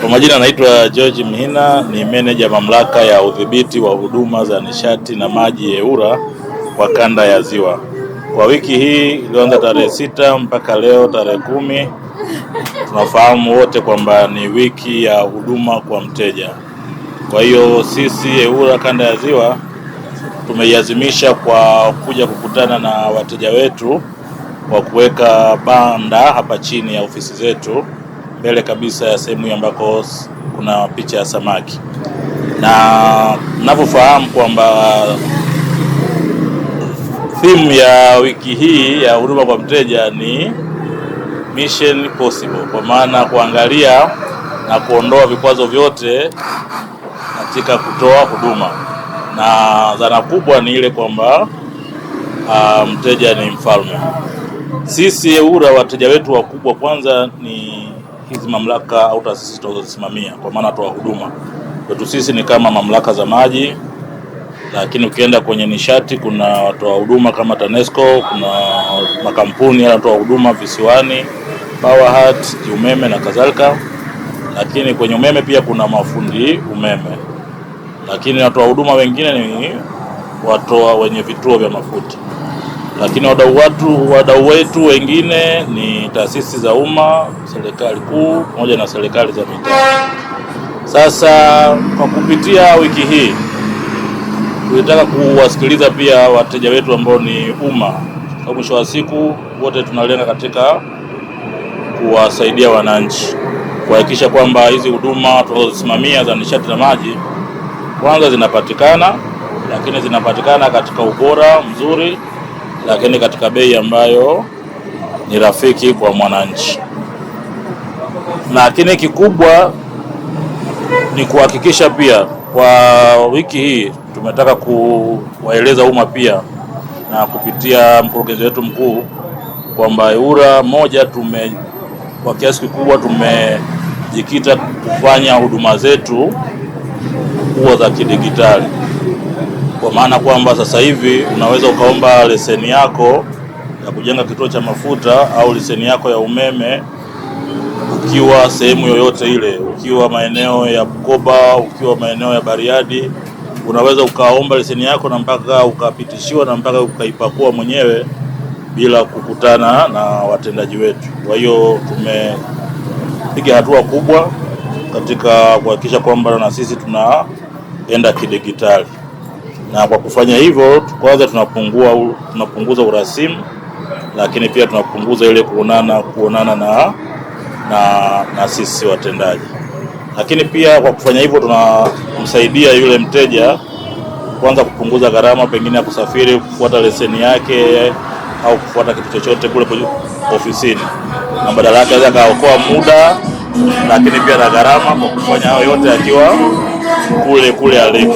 Kwa majina anaitwa George Mhina, ni meneja mamlaka ya udhibiti wa huduma za nishati na maji EWURA kwa kanda ya Ziwa. Kwa wiki hii iliyoanza tarehe sita mpaka leo tarehe kumi, tunafahamu wote kwamba ni wiki ya huduma kwa mteja. Kwa hiyo sisi EWURA kanda ya Ziwa tumeiazimisha kwa kuja kukutana na wateja wetu kwa kuweka banda hapa chini ya ofisi zetu mbele kabisa ya sehemu hii ambako kuna picha ya samaki, na mnavyofahamu kwamba theme ya wiki hii ya huduma kwa mteja ni mission possible, kwa maana kuangalia na kuondoa vikwazo vyote katika kutoa huduma, na dhana kubwa ni ile kwamba mteja ni mfalme. Sisi EWURA wateja wetu wakubwa kwanza ni hizi mamlaka au taasisi tunazozisimamia, kwa maana watoa huduma kwetu sisi ni kama mamlaka za maji, lakini ukienda kwenye nishati kuna watoa huduma kama TANESCO, kuna makampuni yanatoa huduma visiwani, PowerHat, umeme na kadhalika. Lakini kwenye umeme pia kuna mafundi umeme, lakini watoa huduma wengine ni watoa wenye vituo vya mafuta lakini wadau watu wadau wetu wengine ni taasisi za umma, serikali kuu pamoja na serikali za mitaa. Sasa kwa kupitia wiki hii tulitaka kuwasikiliza pia wateja wetu ambao ni umma, kwa mwisho wa siku wote tunalenga katika kuwasaidia wananchi kuhakikisha kwamba hizi huduma tunazozisimamia za nishati na maji kwanza zinapatikana, lakini zinapatikana katika ubora mzuri lakini katika bei ambayo ni rafiki kwa mwananchi. Lakini kikubwa ni kuhakikisha pia, kwa wiki hii tumetaka kuwaeleza umma pia na kupitia mkurugenzi wetu mkuu kwamba EWURA moja, tume kwa kiasi kikubwa tumejikita kufanya huduma zetu kuwa za kidigitali kwa maana kwamba sasa hivi unaweza ukaomba leseni yako ya kujenga kituo cha mafuta au leseni yako ya umeme ukiwa sehemu yoyote ile, ukiwa maeneo ya Bukoba, ukiwa maeneo ya Bariadi, unaweza ukaomba leseni yako na mpaka ukapitishiwa na mpaka ukaipakua mwenyewe bila kukutana na watendaji wetu. Kwa hiyo tumepiga hatua kubwa katika kuhakikisha kwamba na sisi tunaenda kidigitali na kwa kufanya hivyo, kwanza tunapungua tunapunguza urasimu, lakini pia tunapunguza ile kuonana kuonana na, na, na sisi watendaji. Lakini pia kwa kufanya hivyo tunamsaidia yule mteja kwanza kupunguza gharama pengine ya kusafiri, kufuata leseni yake au kufuata kitu chochote kule ofisini, na badala yake aweza akaokoa muda, lakini pia na gharama, kwa kufanya hayo yote akiwa kule kule alipo.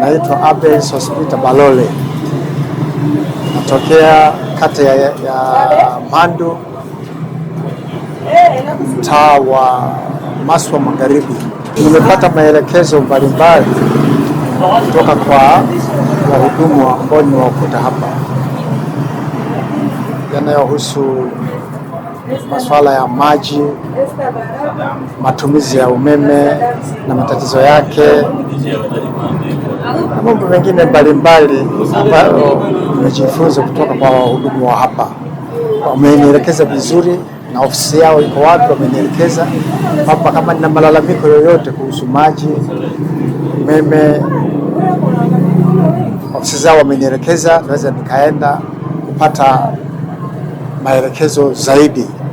Naitwa Abel Sospita Balole, natokea kata ya, ya Mandu, mtaa wa Maswa Magharibi. Nimepata maelekezo mbalimbali kutoka kwa wahudumu ambao ni wakuta hapa yanayohusu masuala ya maji, matumizi ya umeme na matatizo yake na mambo mengine mbalimbali ambayo nimejifunza kutoka kwa wahudumu wa hapa. Wamenielekeza vizuri na ofisi yao iko wapi, wamenielekeza hapa. Kama nina malalamiko yoyote kuhusu maji, umeme, ofisi zao wamenielekeza, naweza nikaenda kupata maelekezo zaidi.